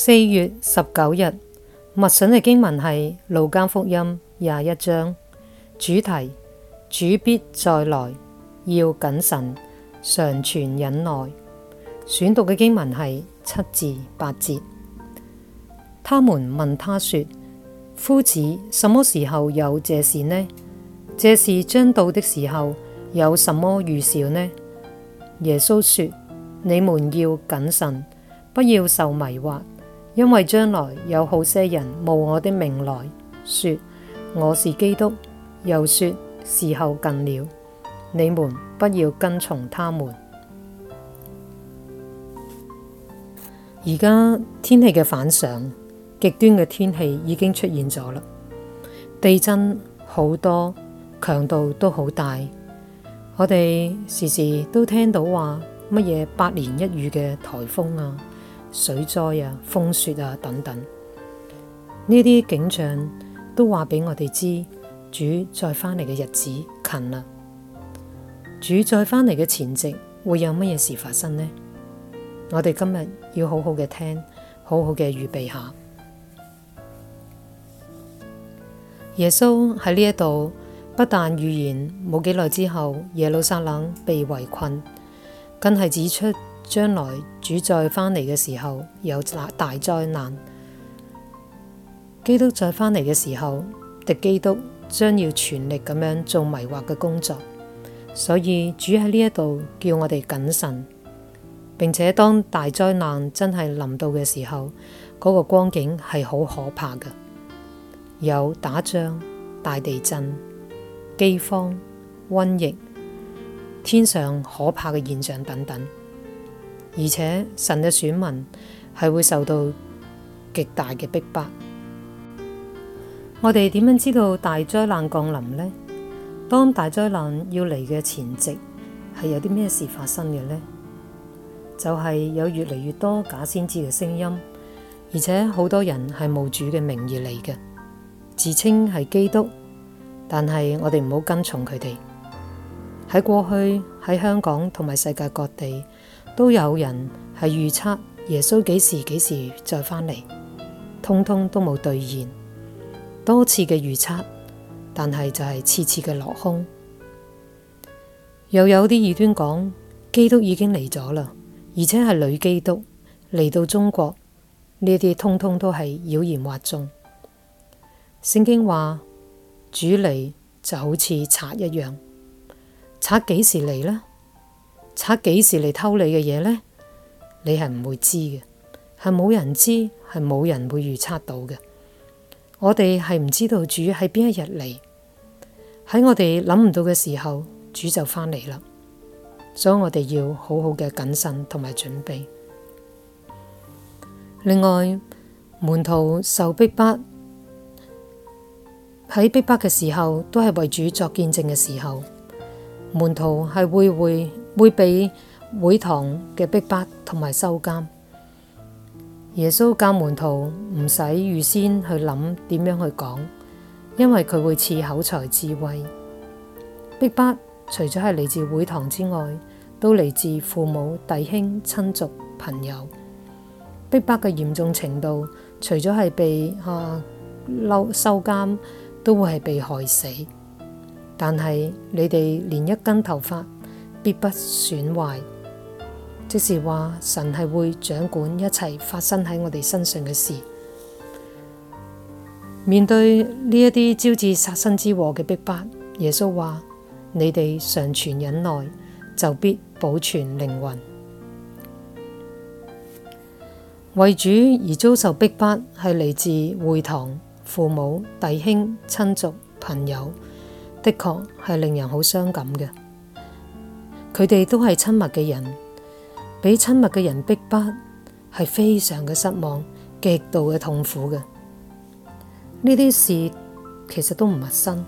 四月十九日，默想嘅經文係《路加福音》廿一章，主題，主必再來，要謹慎、常存忍耐。選讀嘅經文係七至八節。他們問他說：夫子，什麼時候有這事呢？這事將到的時候，有什麼預兆呢？耶穌說：你們要謹慎，不要受迷惑。因為將來有好些人冒我的名來說我是基督，又說時候近了，你們不要跟從他們。而家天氣嘅反常，極端嘅天氣已經出現咗啦，地震好多，強度都好大。我哋時時都聽到話乜嘢百年一遇嘅台風啊！水災啊、風雪啊等等，呢啲景象都話俾我哋知，主再返嚟嘅日子近啦。主再返嚟嘅前夕會有乜嘢事發生呢？我哋今日要好好嘅聽，好好嘅預備下。耶穌喺呢一度不但預言冇幾耐之後耶路撒冷被圍困，更係指出。將來主再返嚟嘅時候有大大災難，基督再返嚟嘅時候，敵基督將要全力咁樣做迷惑嘅工作，所以主喺呢一度叫我哋謹慎，並且當大災難真係臨到嘅時候，嗰個光景係好可怕嘅，有打仗、大地震、饑荒、瘟疫、天上可怕嘅現象等等。而且神嘅選民係會受到極大嘅逼迫、迫。我哋點樣知道大災難降臨呢？當大災難要嚟嘅前夕，係有啲咩事發生嘅呢？就係、是、有越嚟越多假先知嘅聲音，而且好多人係冒主嘅名義嚟嘅，自稱係基督，但係我哋唔好跟從佢哋。喺過去喺香港同埋世界各地。都有人係預測耶穌幾時幾時再返嚟，通通都冇兌現。多次嘅預測，但係就係次次嘅落空。又有啲異端講基督已經嚟咗啦，而且係女基督嚟到中國呢啲，通通都係妖言惑眾。聖經話主嚟就好似賊一樣，賊幾時嚟呢？賊幾時嚟偷你嘅嘢呢？你係唔會知嘅，係冇人知，係冇人會預測到嘅。我哋係唔知道主喺邊一日嚟，喺我哋諗唔到嘅時候，主就返嚟啦。所以我哋要好好嘅謹慎同埋準備。另外，門徒受逼迫喺逼迫嘅時候，都係為主作見證嘅時候。門徒係會會。會被會堂嘅逼迫同埋收監。耶穌教門徒唔使預先去諗點樣去講，因為佢會賜口才智慧。逼迫除咗係嚟自會堂之外，都嚟自父母、弟兄、親族、朋友。逼迫嘅嚴重程度，除咗係被啊嬲收監，都會係被害死。但係你哋連一根頭髮必不損壞，即是話神係會掌管一切發生喺我哋身上嘅事。面對呢一啲招致殺身之禍嘅逼迫，耶穌話：你哋常存忍耐，就必保存靈魂。為主而遭受逼迫，係嚟自會堂、父母、弟兄、親族、朋友，的確係令人好傷感嘅。佢哋都係親密嘅人，畀親密嘅人逼迫，係非常嘅失望，極度嘅痛苦嘅。呢啲事其實都唔陌生，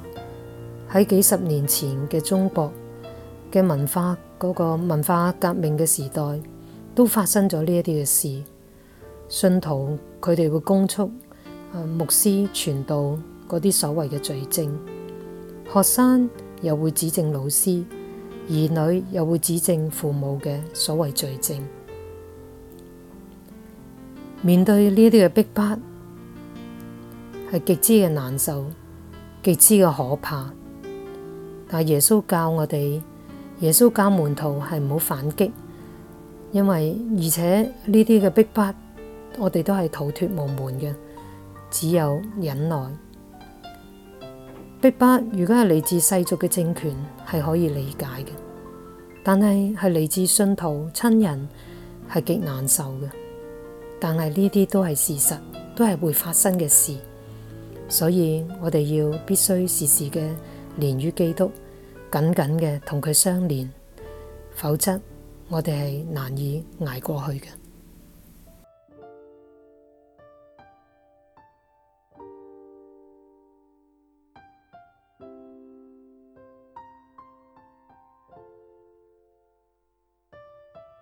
喺幾十年前嘅中國嘅文化嗰個文化革命嘅時代，都發生咗呢一啲嘅事。信徒佢哋會供出牧師傳道嗰啲所謂嘅罪證，學生又會指證老師。兒女又會指證父母嘅所謂罪證，面對呢啲嘅逼迫，係極之嘅難受，極之嘅可怕。但耶穌教我哋，耶穌教門徒係唔好反擊，因為而且呢啲嘅逼迫，我哋都係逃脫無門嘅，只有忍耐。逼迫如果係嚟自世俗嘅政權，係可以理解嘅；但係係嚟自信徒親人，係極難受嘅。但係呢啲都係事實，都係會發生嘅事，所以我哋要必須時時嘅連於基督，緊緊嘅同佢相連，否則我哋係難以捱過去嘅。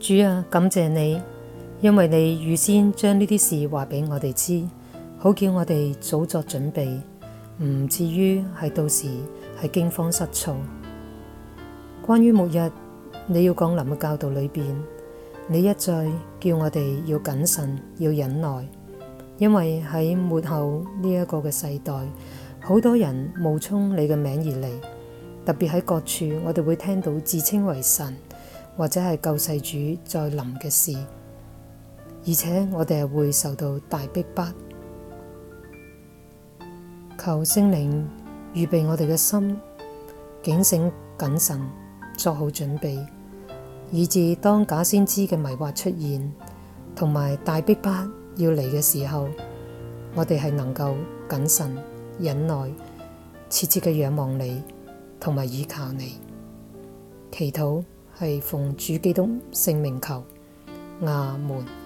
主啊，感謝你，因為你預先將呢啲事話俾我哋知，好叫我哋早作準備，唔至於係到時係驚慌失措。關於末日你要降臨嘅教導裏邊，你一再叫我哋要謹慎，要忍耐，因為喺末後呢一個嘅世代，好多人冒充你嘅名而嚟，特別喺各處，我哋會聽到自稱為神。或者係救世主再臨嘅事，而且我哋係會受到大逼迫。求聖靈預備我哋嘅心，警醒、謹慎，做好準備，以致當假先知嘅迷惑出現，同埋大逼迫要嚟嘅時候，我哋係能夠謹慎、忍耐、切切嘅仰望你，同埋倚靠你，祈禱。係奉主基督聖名求阿門。